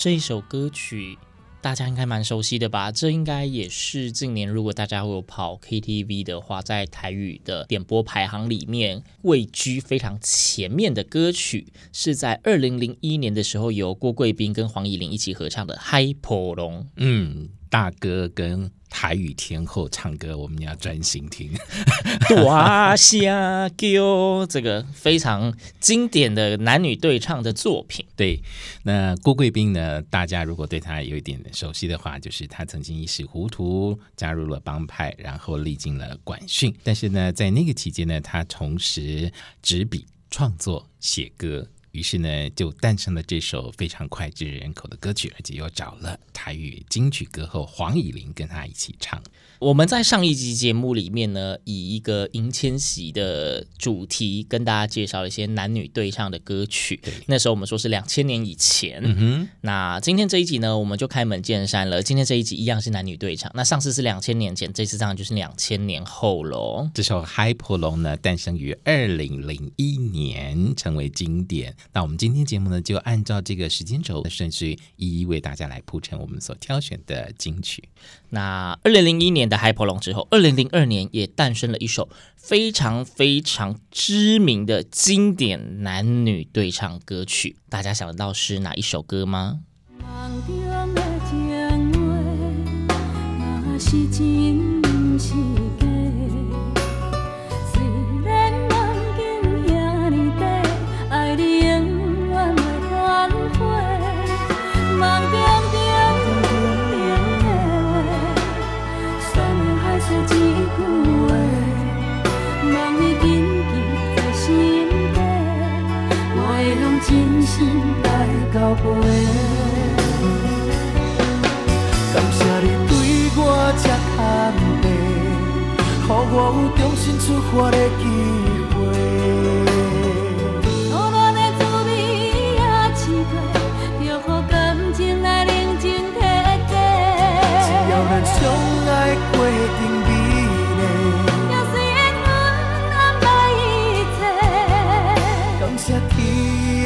這一首歌曲大家應該蠻熟悉的吧？這應該也是近年，如果大家有跑 KTV 的話，在台語的點播排行裡面位居非常前面的歌曲，是在二零零一年的時候，由郭桂彬跟黃乙玲一起合唱的《海波浪》。嗯，大哥跟。台語天后唱歌，我們要專心聽。哇西啊，哥，這個非常經典的男女對唱的作品。對，那郭桂斌呢？大家如果對他有一點熟悉的話，就是他曾經一時糊塗加入了幫派，然後歷經了管訓。但是呢，在那個期間呢，他同時執筆創作寫歌。於是呢，就誕生了這首非常膾炙人口的歌曲，而且又找了台語金曲歌后黃乙玲跟他一起唱。我們在上一集節目裡面呢，以一個迎千禧的主題跟大家介紹了一些男女對唱的歌曲。對那時候我們說是兩千年以前，嗯、哼那今天這一集呢，我們就開門見山了。今天這一集一樣是男女對唱，那上次是兩千年前，這次當然就是兩千年後嘍。這首《海波浪》呢，誕生於二零零一年，成為經典。那我們今天節目呢，就按照這個時間軸的順序，一一為大家來鋪陳我們所挑選的金曲。那二零零一年的《海波浪》之後，二零零二年也誕生了一首非常非常知名的經典男女對唱歌曲，大家想得到是哪一首歌嗎？感謝你對我這坦白，予我有重新出發的機會。苦戀的滋味也吃下，就乎感情來冷靜體貼。只要咱相愛過。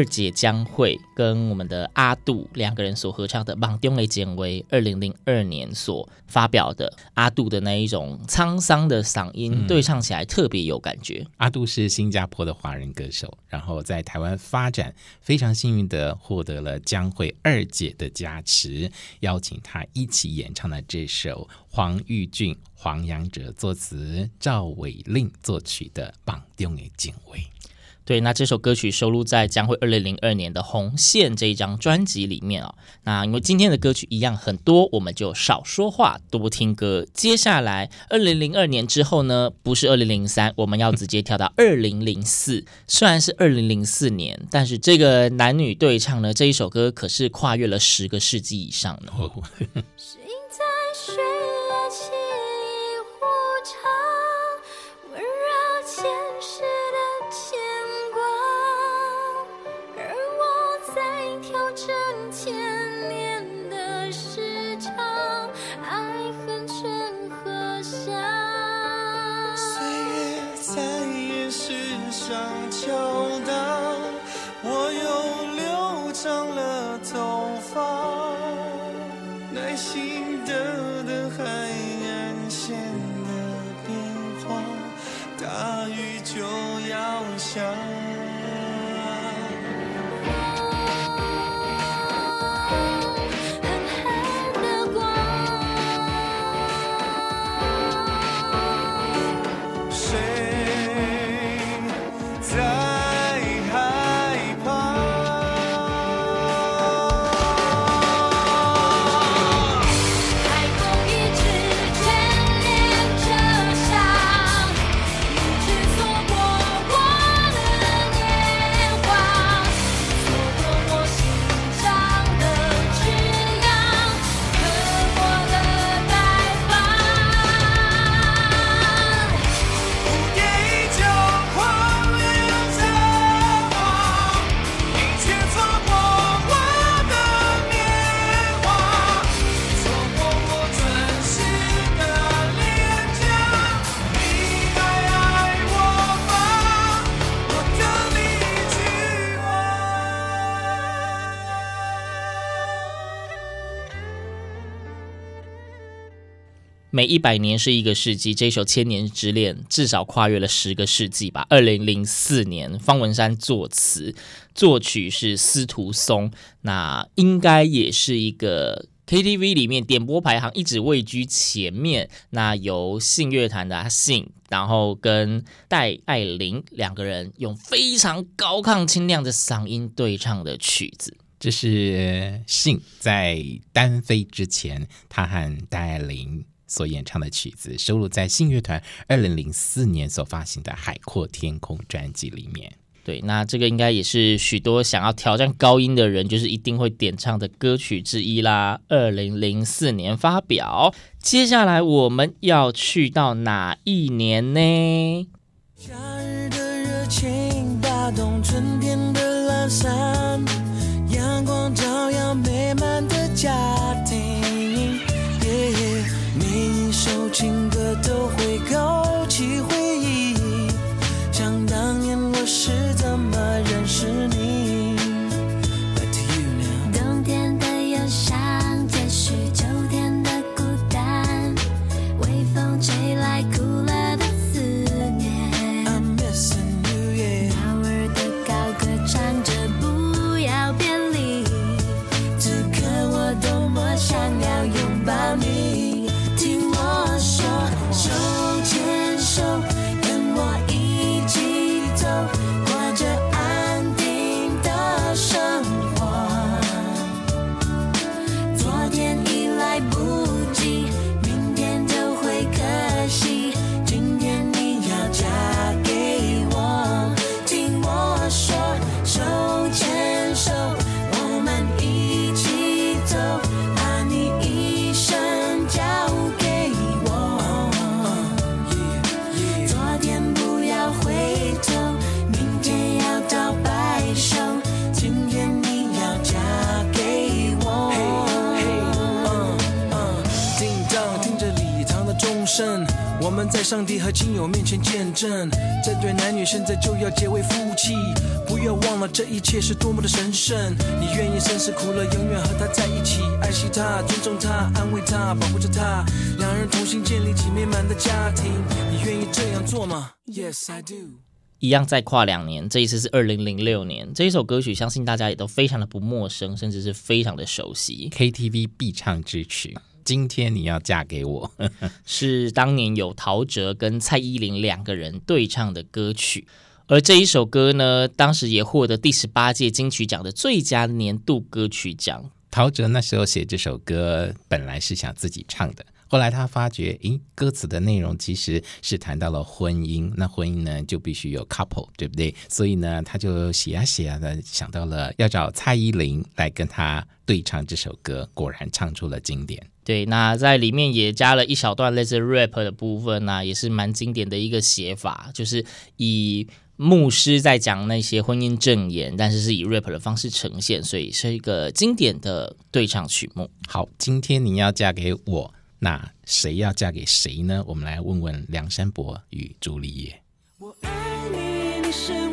二姐江蕙跟我們的阿杜兩個人所合唱的《榜中的警衛》，二零零二年所發表的阿杜的那一種滄桑的嗓音，對唱起來特別有感覺。嗯、阿杜是新加坡的華人歌手，然後在台灣發展，非常幸運的獲得了江蕙二姐的加持，邀請她一起演唱了這首黃玉俊、黃洋哲作詞，趙偉令作曲的《榜中的警衛》。對，那這首歌曲收錄在江蕙二零零二年的《紅線》這一張專輯裡面啊、哦。那因為今天的歌曲一樣很多，我們就少說話，多聽歌。接下來，二零零二年之後呢，不是二零零三，我們要直接跳到二零零四。 雖然是二零零四年，但是這個男女對唱呢，這一首歌可是跨越了十個世紀以上呢。 走。每一百年是一個世紀，這首《千年之戀》至少跨越了十個世紀吧。二零零四年，方文山作詞，作曲是司徒松，那應該也是一個 KTV 裡面點播排行一直位居前面。那由信樂團的阿信，然後跟戴愛玲兩個人用非常高亢清亮的嗓音對唱的曲子，這是、呃、信在單飛之前，他和戴愛玲。所演唱的曲子收錄在信樂團二零零四年所發行的《海闊天空》專輯裡面。對，那這個應該也是許多想要挑戰高音的人，就是一定會點唱的歌曲之一啦。二零零四年發表，接下來我們要去到哪一年呢？夏日的熱情打動春天的懶散，陽光照耀美滿的家庭。都會勾起。現在就要結為夫妻，不要忘了這一切是多麼的神聖。你願意生死苦樂永遠和他在一起，愛惜他，尊重他，安慰他，保護着他，兩人同心建立起美滿的家庭。你願意這樣做嗎？Yes, I do。一樣再跨兩年，這一次是二零零六年。這一首歌曲相信大家也都非常的不陌生，甚至是非常的熟悉，KTV 必唱之曲。今天你要嫁給我，呵呵，是當年有陶喆跟蔡依林兩個人對唱的歌曲，而這一首歌呢，當時也獲得第十八屆金曲獎的最佳年度歌曲獎。陶喆那時候寫這首歌，本來是想自己唱的，後來他發覺，哎，歌詞的內容其實是談到了婚姻，那婚姻呢就必須有 couple，對不對？所以呢，他就寫呀寫呀的，想到了要找蔡依林來跟他對唱這首歌，果然唱出了經典。對，那在裡面也加了一小段類似 rap 的部分呢、啊，也是蠻經典的一個寫法，就是以牧師在講那些婚姻證言，但是是以 rap 的方式呈現，所以是一個經典的對唱曲目。好，今天你要嫁給我，那誰要嫁給誰呢？我們來問問梁山伯與朱麗葉。我愛你，你是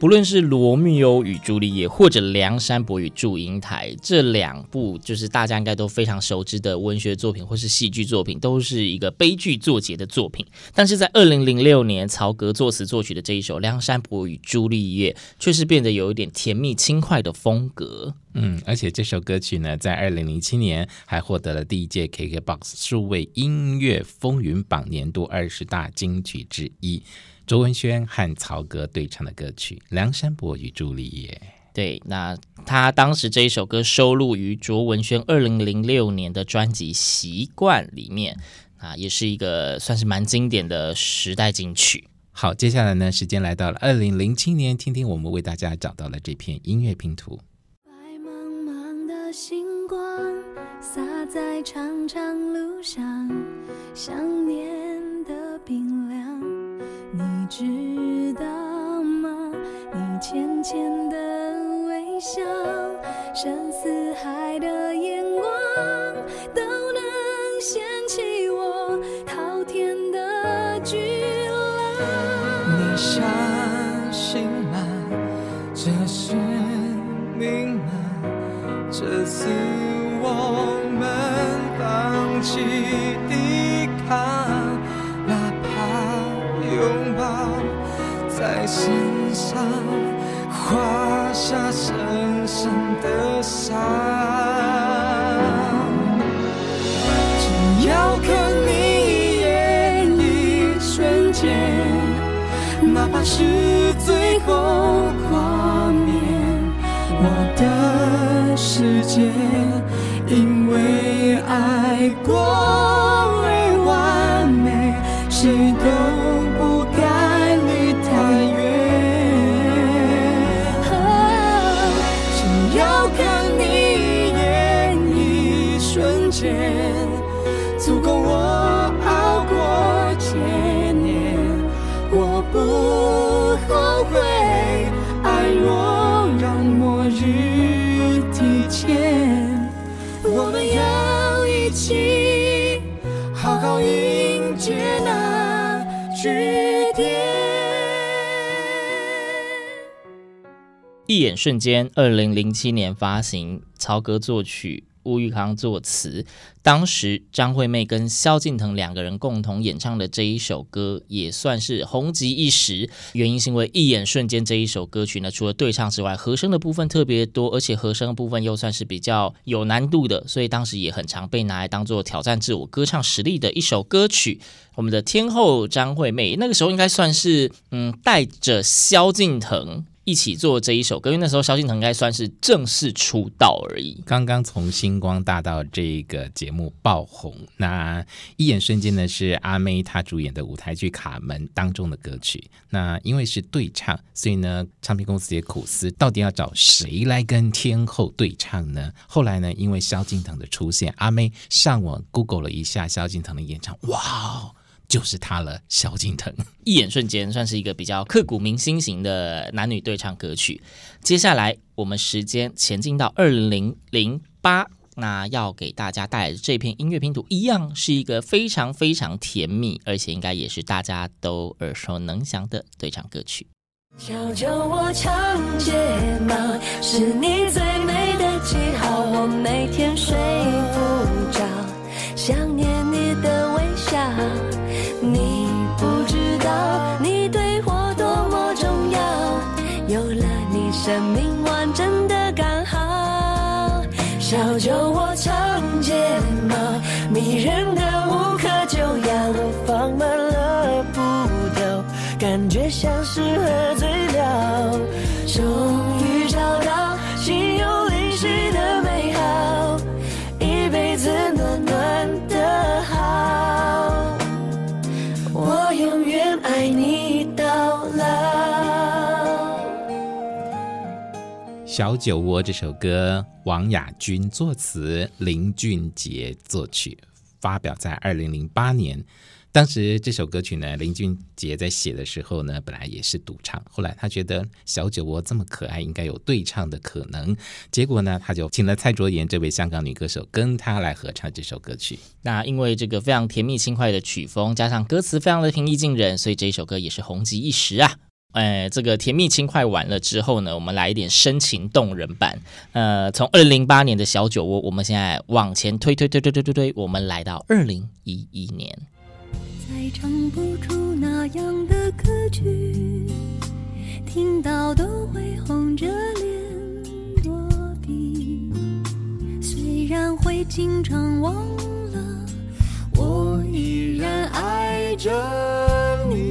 不論是《羅密歐與朱麗葉》或者《梁山伯與祝英台》這兩部，就是大家應該都非常熟知的文學作品或是戲劇作品，都是一個悲劇作結的作品。但是在二零零六年，曹格作詞作曲的這一首《梁山伯與朱麗葉》，卻是變得有一點甜蜜輕快的風格。嗯，而且這首歌曲呢，在二零零七年還獲得了第一屆 KKBOX 數位音樂風雲榜年度二十大金曲之一。卓文萱和曹格對唱的歌曲《梁山伯與朱麗葉》，對，那他當時這一首歌收錄於卓文萱二零零六年的專輯《習慣》裡面啊，也是一個算是蠻經典的時代金曲。好，接下來呢，時間來到了二零零七年，聽聽我們為大家找到了這片音樂拼圖。星光灑在長長路上，想念的冰涼，你知道嗎？你淺淺的微笑，深似海的眼光，都能掀起我滔天的巨浪。你相信嗎？這是，去抵抗，哪怕擁抱在身上畫下深深的傷。只要看你一眼，一瞬間，哪怕是最後畫面，我的世界。因為愛過而完美，誰都。一起好好迎接那句點，一眼瞬間，二零零七年發行，曹格作曲。吳玉康作詞，當時張惠妹跟蕭敬騰兩個人共同演唱的這一首歌也算是紅極一時。原因是因為《一眼瞬間》這一首歌曲呢，除了對唱之外，和聲的部分特別多，而且和聲的部分又算是比較有難度的，所以當時也很常被拿來當做挑戰自我歌唱實力的一首歌曲。我們的天后張惠妹那個時候應該算是嗯，帶着蕭敬騰。一起做這一首歌，因為那時候蕭敬騰應該算是正式出道而已。剛剛從《星光大道》這個節目爆紅，那一眼瞬間呢，是阿妹她主演的舞台劇《卡門》當中的歌曲。那因為是對唱，所以呢，唱片公司也苦思到底要找誰來跟天后對唱呢？後來呢，因為蕭敬騰的出現，阿妹上網 Google 了一下蕭敬騰的演唱，哇！就是他了，蕭敬騰。 一眼瞬間，算是一個比較刻骨銘心型的男女對唱歌曲。接下來，我們時間前進到二零零八，那要給大家帶來的這片音樂拼圖，一樣是一個非常非常甜蜜，而且應該也是大家都耳熟能詳的對唱歌曲。小酒窩長睫毛，是你最美的記號。我每天睡不着，想念你的微笑。小酒窩，長睫毛，迷人的無可救藥，我放慢了步調，感覺像是喝。《小酒窩》這首歌，王雅君作詞，林俊傑作曲，發表在二零零八年。當時這首歌曲呢，林俊傑在寫的時候呢，本來也是獨唱，後來他覺得小酒窩這麼可愛，應該有對唱的可能。結果呢，他就請了蔡卓妍這位香港女歌手跟他來合唱這首歌曲。那因為這個非常甜蜜輕快的曲風，加上歌詞非常的平易近人，所以這首歌也是紅極一時啊。哎，這個甜蜜輕快完了之後呢，我們來一點深情動人版。呃，從二零零八年的小酒窩，我們現在往前推推推推推推推，我們來到二零一一年。再唱不出那樣的歌曲，聽到都會紅着臉躲避。雖然會經常忘了，我依然愛着你。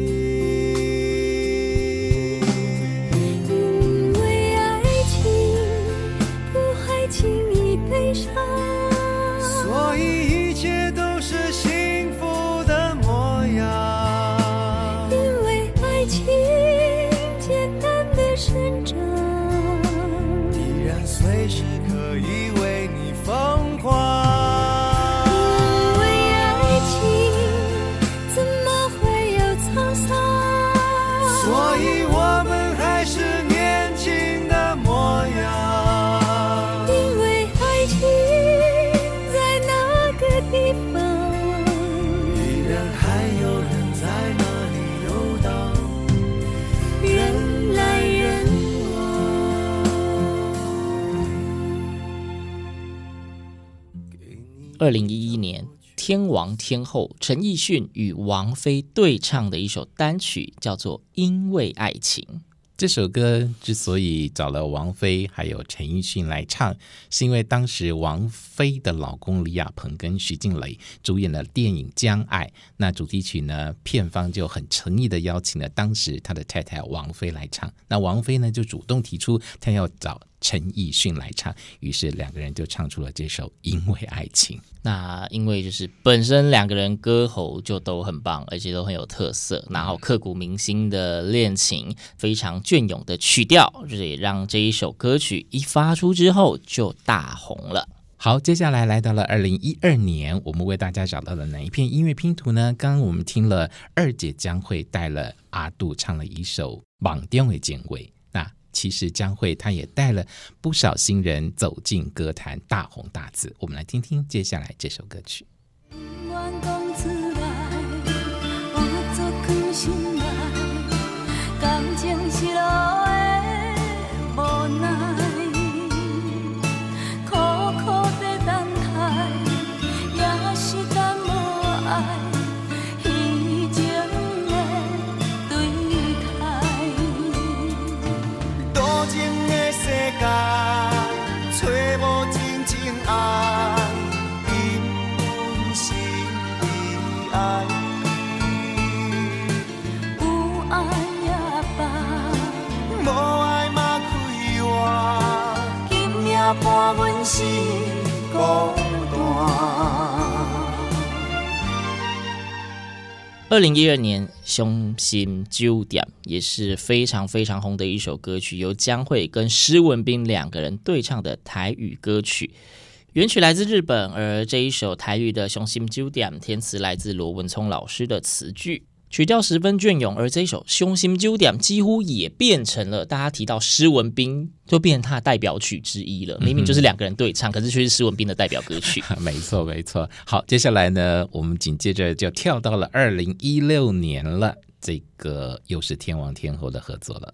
二零一一年，天王天后陳奕迅與王菲對唱的一首單曲叫做《因為愛情》。這首歌之所以找了王菲還有陳奕迅來唱，是因為當時王菲的老公李亞鵬跟徐靜蕾主演了電影《將愛》，那主題曲呢，片方就很誠意的邀請了當時他的太太王菲來唱。那王菲呢，就主動提出她要找。陳奕迅來唱，於是兩個人就唱出了這首《因為愛情》。那因為就是本身兩個人歌喉就都很棒，而且都很有特色。然後刻骨銘心的戀情，非常隽永的曲調，這、就是、也讓這一首歌曲一發出之後就大紅了。好，接下來來到了二零一二年，我們為大家找到了哪一片音樂拼圖呢？剛剛我們聽了二姐江蕙帶了阿杜唱了一首《盲點》為結尾。其實江蕙，他也帶了不少新人走進歌壇，大紅大紫。我們來聽聽接下來這首歌曲。心二零一二年，《傷心酒店》也是非常非常紅的一首歌曲，由江蕙跟施文彬兩個人對唱的台語歌曲。原曲來自日本，而這一首台語的《傷心酒店》填詞來自羅文聰老師的詞句。曲調十分雋永，而這首《傷心酒店》幾乎也變成了大家提到施文彬就變成他的代表曲之一了。明明就是兩個人對唱，嗯、哼可是卻是施文彬的代表歌曲。沒錯，沒錯。好，接下來呢，我們緊接着就跳到了二零一六年了，這個又是天王天後的合作了。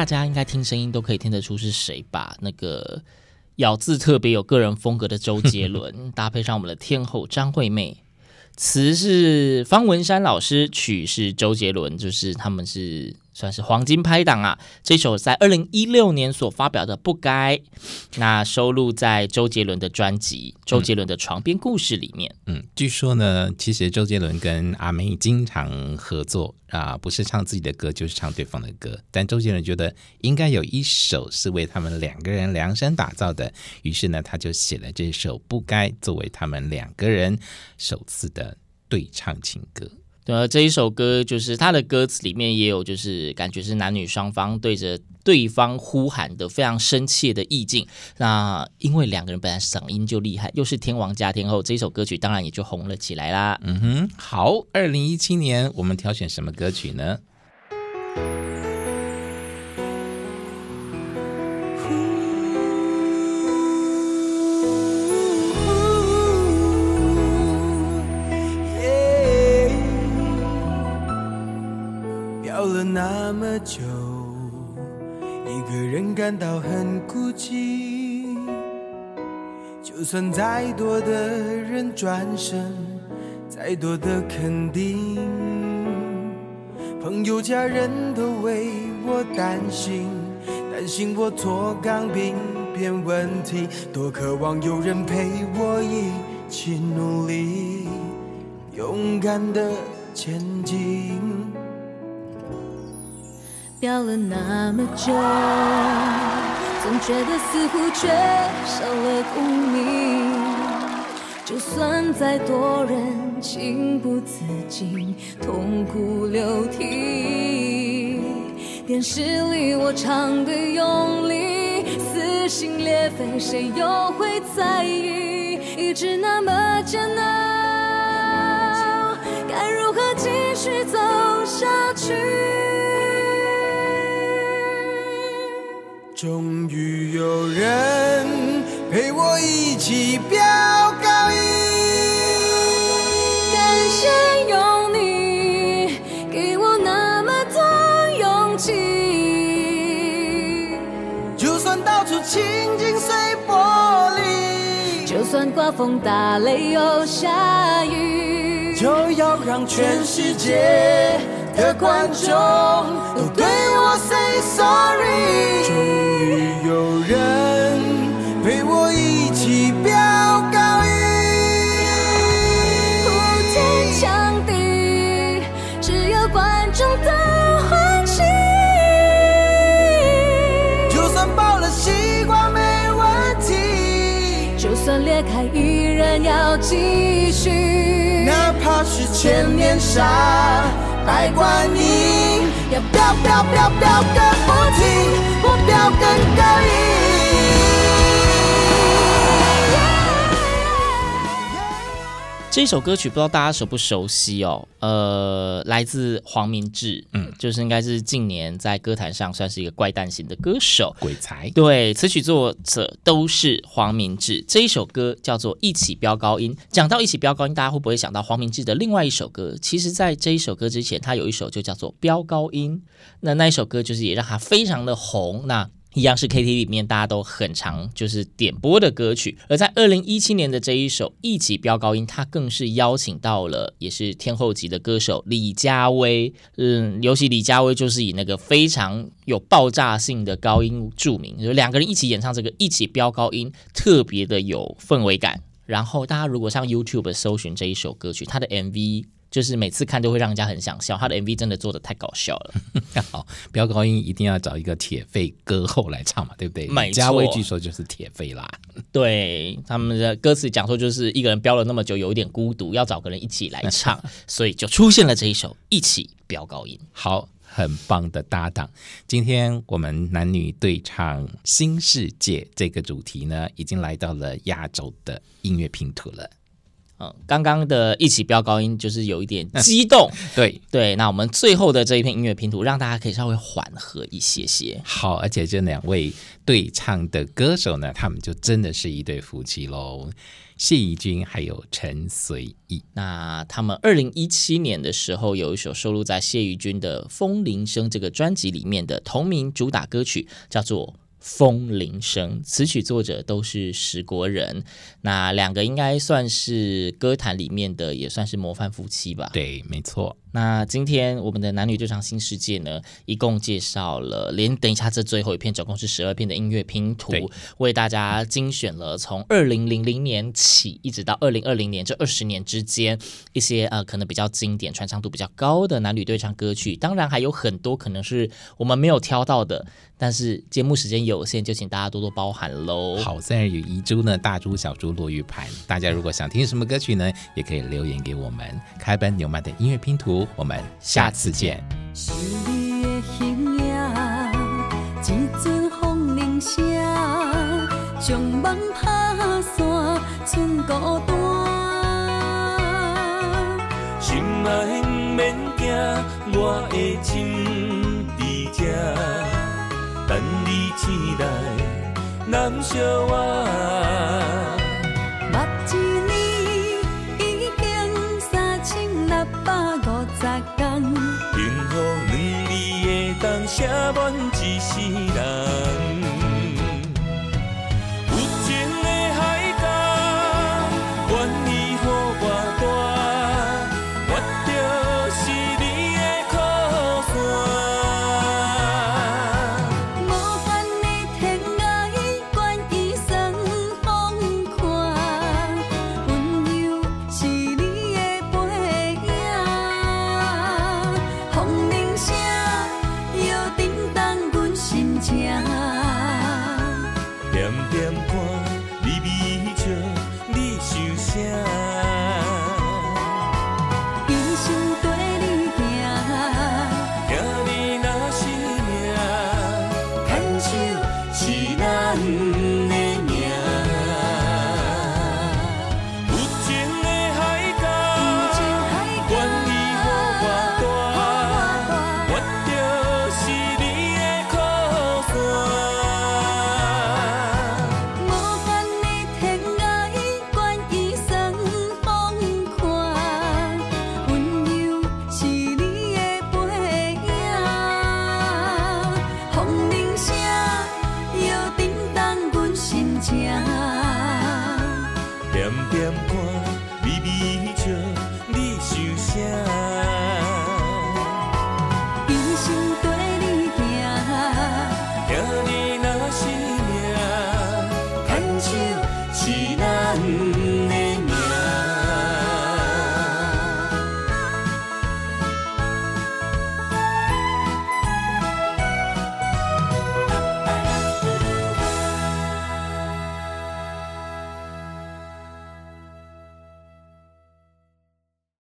大家應該聽聲音都可以聽得出是誰吧？那個咬字特別有個人風格的周杰倫搭配上我們的天后張惠妹，詞是方文山老師，曲是周杰倫，就是他們是。算是黃金拍檔啊！這首在二零一六年所發表的《不該》，那收錄在周杰倫的專輯《周杰倫的床邊故事》裡面。嗯，嗯，據說呢，其實周杰倫跟阿妹經常合作啊，呃，不是唱自己的歌，就是唱對方的歌。但周杰倫覺得應該有一首是為他們兩個人量身打造的，於是呢，他就寫了這首《不該》作為他們兩個人首次的對唱情歌。對啊，這一首歌就是他的歌詞裡面也有，就是感覺是男女雙方對着對方呼喊的非常深切的意境。那因為兩個人本來嗓音就厲害，又是天王加天後，這一首歌曲當然也就紅了起來啦。嗯哼，好，二零一七年我們挑選什麼歌曲呢？那麼久，一個人感到很孤寂。就算再多的人轉身，再多的肯定，朋友、家人都為我擔心，擔心我做鋼病變問題。多渴望有人陪我一起努力，勇敢的前進。掉了那麼久，總覺得似乎缺少了共鳴。就算再多人情不自禁痛哭流涕，電視裡我唱的用力撕心裂肺，誰又會在意？一直那麼煎熬，該如何繼續走下去？終於有人陪我一起飆高音，感謝有你，給我那麼多勇氣。就算到處清鏡碎玻璃，就算颳風打雷又下雨，就要讓全世界。的觀眾都對我 say sorry，終於有人陪我一起飆高音，鋪天蓋地，只有觀眾的歡喜。就算爆了西瓜沒問題，就算裂開依然要繼續，哪怕是千年沙。愛過你，不要標標標標個不停，不標更，更高明。這首歌曲不知道大家熟不熟悉哦，呃，來自黃明志，嗯，就是應該是近年在歌壇上算是一個怪誕型的歌手，鬼才，對，詞曲作者都是黃明志。這一首歌叫做《一起飆高音》，講到一起飆高音，大家會不會想到黃明志的另外一首歌？其實，在這一首歌之前，他有一首就叫做《飆高音》，那那一首歌就是也讓他非常的紅。那一樣是 KTV 裡面大家都很常就是點播的歌曲，而在二零一七年的這一首一起飆高音，它更是邀請到了也是天後級的歌手李佳薇，嗯，尤其李佳薇就是以那個非常有爆炸性的高音著名，就是兩個人一起演唱這個一起飆高音，特別的有氛圍感。然後大家如果上 YouTube 搜尋這一首歌曲，它的 MV。就是每次看都會讓人家很想笑，他的 MV 真的做得太搞笑了。 好，飆高音一定要找一個鐵肺歌後來唱嘛，對不對？買錯家威據說就是鐵肺啦。對，他們的歌詞講說就是一個人飆了那麼久，有一點孤獨，要找個人一起來唱， 所以就出現了這一首《一起飆高音》。好，很棒的搭檔。今天我們男女對唱新世界這個主題呢，已經來到了亞洲的音樂拼圖了。嗯，剛剛的一起飆高音就是有一點激動，嗯、對對。那我們最後的這一片音樂拼圖，讓大家可以稍微緩和一些些。好，而且這兩位對唱的歌手呢，他們就真的是一對夫妻嘍。嗯、謝宜君還有陳隨意，那他們二零一七年的時候有一首收錄在謝宜君的《風鈴聲》這個專輯裡面的同名主打歌曲，叫做。風鈴聲，詞曲作者都是十國人。那兩個應該算是歌壇裡面的，也算是模範夫妻吧？對，沒錯。那今天我們的男女對唱新世界呢，一共介紹了連等一下這最後一片，總共是十二片的音樂拼圖，對為大家精選了從二零零零年起一直到二零二零年這二十年之間一些呃可能比較經典、傳唱度比較高的男女對唱歌曲，當然還有很多可能是我們沒有挑到的，但是節目時間有限，就請大家多多包涵嘍。好，在有一株呢，大珠小珠落玉盤，大家如果想聽什麼歌曲呢，嗯、也可以留言給我們，楷爾本紐曼的音樂拼圖。我們下次見。